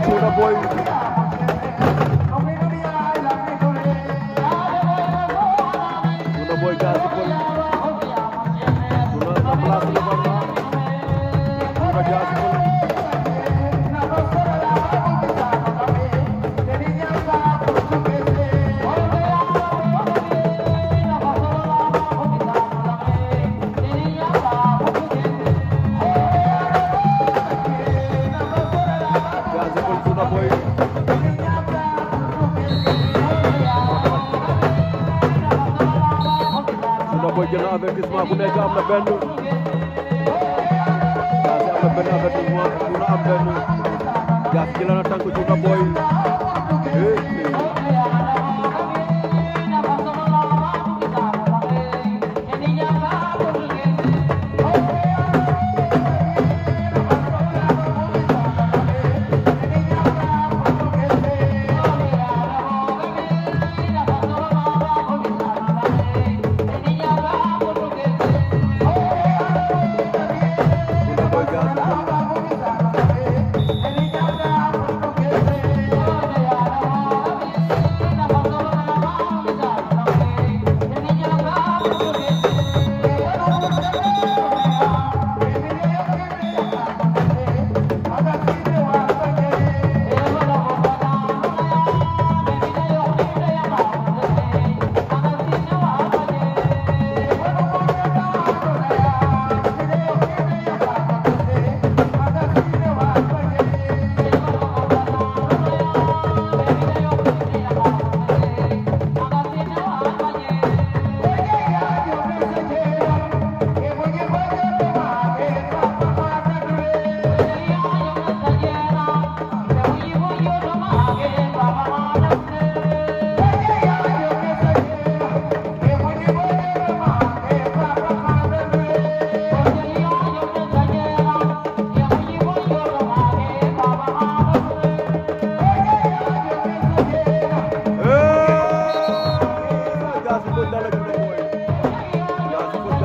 Chuta boy. Chuta boy, gaza de poli. Chuta, plaza Papa Boy jël na avertissement bu nekk am na benn Jaasi am na benn avertissement bu na am benn Jaasi jël na tànk Juuta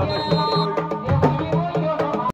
Thank you.